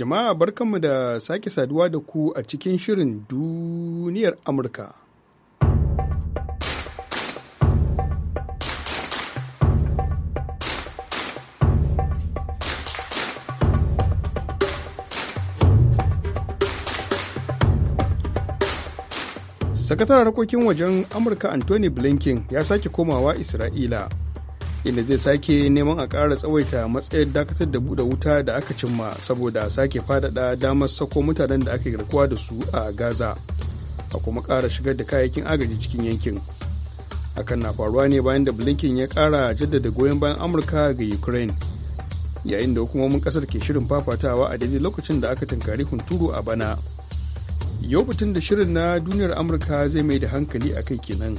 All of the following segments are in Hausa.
Jama'a barkanmu da sake saduwa da ku a cikin shirin duniyar Amurka. Sakataren harkokin wajen Amurka Anthony Blinken ya sake komawa Isra'ila inda zai sake neman a ƙara tsawaita matsayin dakatar da buɗe wuta da aka cimma saboda sake faɗaɗa damar sako mutanen da aka garkuwa da su a gaza a kuma ƙara shigar da kayayyakin agaji cikin yankin hakan na faruwa ne bayan da blinken ya ƙara jaddada goyon bayan amurka ga ukraine yayin da hukumomin ƙasar ke shirin fafatawa a daidai lokacin da aka tunkari hunturu a bana yau batun da shirin na duniyar amurka zai mai da hankali a kai kenan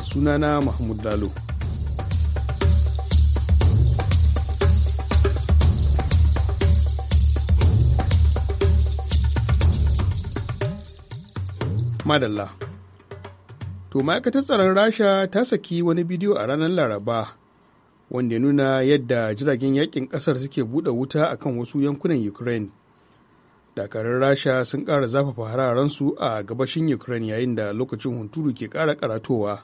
sunana mahmud lalo madalla to ma'aikatar tsaron rasha ta saki wani bidiyo a ranar laraba wanda ya nuna yadda jiragen yakin kasar suke buɗe wuta akan wasu yankunan ukraine dakarun rasha sun ƙara zafafa hararansu a gabashin ukraine yayin da lokacin hunturu ke ƙara karatowa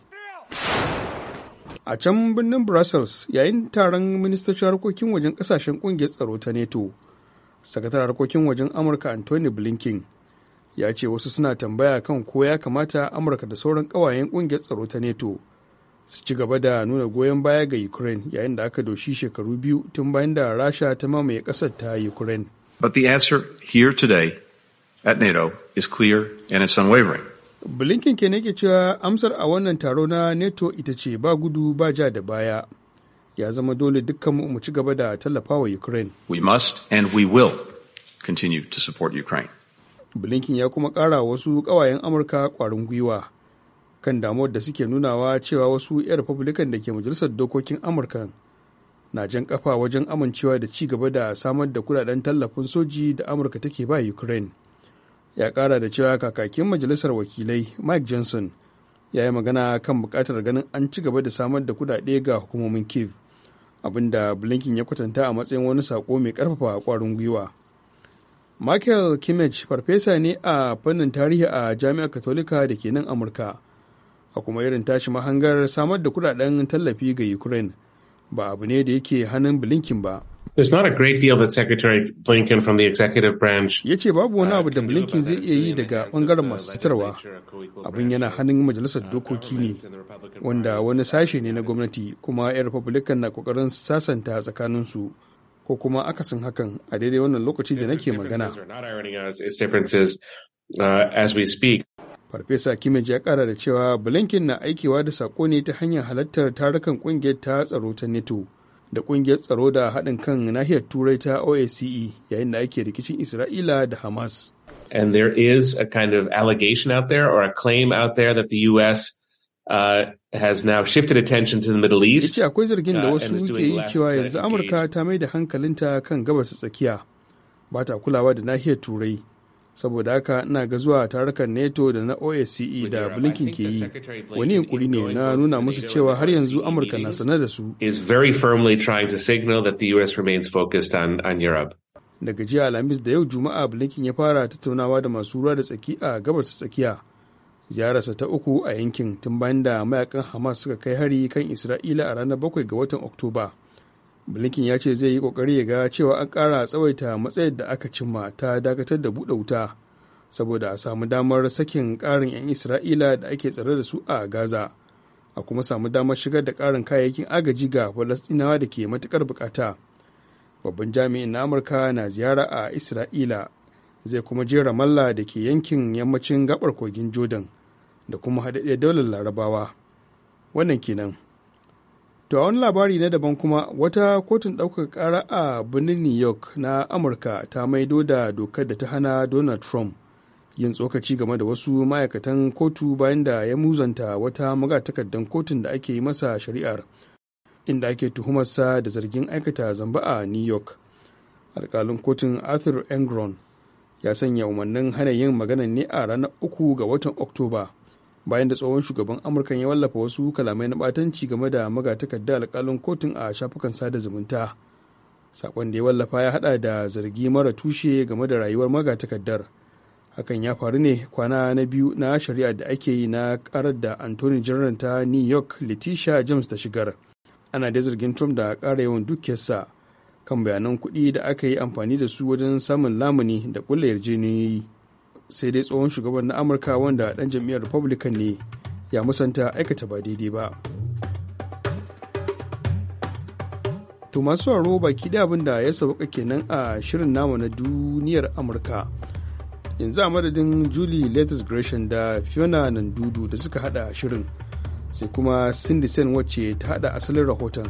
a can birnin brussels yayin taron ministocin harkokin wajen kasashen ƙungiyar tsaro ta neto sakataren harkokin wajen amurka anthony blinken ya ce wasu suna tambaya kan ko ya kamata amurka da sauran ƙawayen ƙungiyar tsaro ta neto su ci gaba da nuna goyon baya ga ukraine yayin da aka doshi shekaru biyu tun bayan da rasha ta mamaye kasar ta ukraine but the answer here today at nato is clear and it's unwavering blinken ke ne cewa amsar a wannan taro na neto ita ce ba gudu ba ja da baya ya zama dole dukkanmu mu ci gaba da tallafa wa ukraine we must and we will continue to support ukraine blinken ya kuma kara wasu ƙawayen amurka kwarin gwiwa kan damuwar da suke nunawa cewa wasu 'yan republican da ke majalisar dokokin amurka na jan kafa wajen amincewa da ci gaba da samar da kudaden tallafin soji da amurka take ba ukraine ya kara da cewa kakakin majalisar wakilai mike johnson ya yi magana kan bukatar ganin an ci gaba da samar da kudade ga hukumomin kiev abinda blinken ya kwatanta a matsayin wani sako mai karfafa kwarin gwiwa michael kimmich farfesa ne a fannin tarihi a jami'ar katolika da ke nan amurka a kuma irin tashi mahangar samar da kudaden tallafi ga ukraine ba abu ne da yake hannun blinken ba There's not a great deal that Secretary Blinken from branch. Ya ce babu wani uh, abu da Blinken zai iya yi daga bangaren masu sitarwa. Abin yana hannun majalisar dokoki ne, wanda wani sashe ne na gwamnati kuma 'yan Republican na kokarin sasanta tsakaninsu. su. ko kuma akasin hakan a daidai wannan lokaci da nake magana. Uh, Farfesa Kimmage ya kara da cewa Blinken na aikewa da sako ne ta hanyar halartar tarukan kungiyar ta tsaro ta NATO da kungiyar tsaro da haɗin kan nahiyar Turai ta OACE yayin da ake rikicin Isra'ila da Hamas. And there is a kind of allegation out there or a claim out there that the U.S. Uh, has shifted akwai zargin da uh, wasu ke yi cewa yanzu Amurka ta mai da hankalinta kan gabas tsakiya ba ta kulawa da nahiyar Turai. Saboda haka ina ga zuwa tarukan NATO da na OSCE da Blinken ke yi wani yunkuri ne na nuna musu cewa har yanzu Amurka e na sanar da su. Is very firmly to signal US Daga jiya Alhamis da yau Juma'a Blinken ya fara tattaunawa da masu ruwa da tsaki a gabas tsakiya. ziyararsa ta uku a yankin tun bayan da mayakan hamas suka kai hari kan isra'ila a ranar 7 ga watan oktoba blinken ya ce zai yi kokari ya ga cewa an kara tsawaita matsayar da aka cimma ta dakatar da buɗe wuta saboda a samu damar sakin ƙarin 'yan isra'ila da ake tsare da su a gaza a kuma samu damar shigar da ƙarin kayayyakin agaji ga falastinawa da ke matuƙar bukata babban jami'in na amurka na ziyara a isra'ila zai kuma je ramallah da ke yankin yammacin gabar kogin jordan da kuma haɗaɗɗiyar daular larabawa wannan kenan to a wani labari na daban kuma wata kotun ɗaukaka ƙara a birnin new york na amurka ta maido da dokar da ta hana donald trump yin tsokaci game da wasu ma'aikatan kotu bayan da ya muzanta wata magatakardar kotun da ake yi masa shari'ar inda ake tuhumarsa da zargin aikata zamba a new york alkalin kotun arthur engron ya sanya umarnin hana yin magana ne a ranar uku ga watan oktoba bayan da tsohon shugaban amurka ya wallafa wasu kalamai na batanci game da magatakarda alkalin kotun a shafukan sada zumunta sakon da ya wallafa ya hada da zargi mara tushe game da rayuwar magatakardar hakan ya faru ne kwana na biyu na shari'a da ake yi na karar da anthony general ta new york letitia james ta shigar ana da zargin trump da kara yawan dukiyarsa kan bayanan kuɗi da aka yi amfani da su wajen samun lamuni da ƙulla yarjejeniyoyi sai dai tsohon shugaban na amurka wanda dan jam'iyyar republican ne ya musanta aikata ba daidai ba to masu haro baki da abin da ya sauka kenan a shirin namu na duniyar amurka yanzu a madadin julie latest gresham da fiona nandudu da suka hada shirin sai kuma cindy sen wacce ta hada asalin rahoton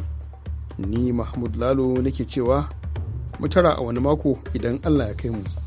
ni mahmud lalo nake cewa mutara a wani mako idan allah ya kai mu.